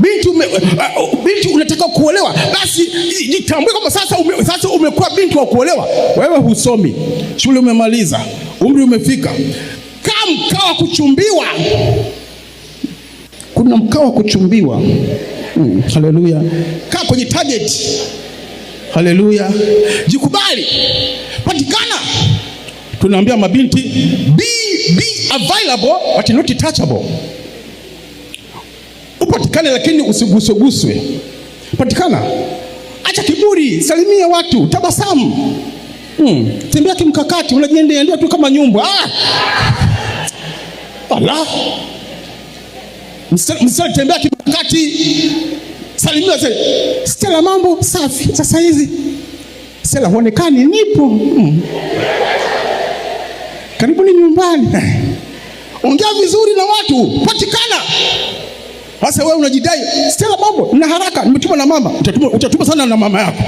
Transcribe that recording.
binti ume, uh, uh, binti unataka kuolewa, basi jitambue kwamba sasa ume, sasa umekuwa binti wa kuolewa. Wewe husomi, shule umemaliza, umri umefika, kaa mkaa wa kuchumbiwa. Kuna mkaa wa kuchumbiwa. Mm, haleluya. Kaa kwenye target. Haleluya. Jikubali, patikana. Tunaambia mabinti be, be available but not touchable. Patikane lakini usigusweguswe. Patikana, acha kiburi, salimia watu, tabasamu. Hmm. Tembea kimkakati, unajiendea ndio tu kama nyumba. Ah! Ala. Msali tembea kimkakati. Salimia zile. Stella, mambo safi. Sasa hizi Stella huonekani, nipo. Hmm. Karibuni nyumbani. Ongea vizuri na watu. Patikana sasa wewe unajidai Stella, mambo na haraka, nimetumwa na mama. Utatumwa sana na mama yako.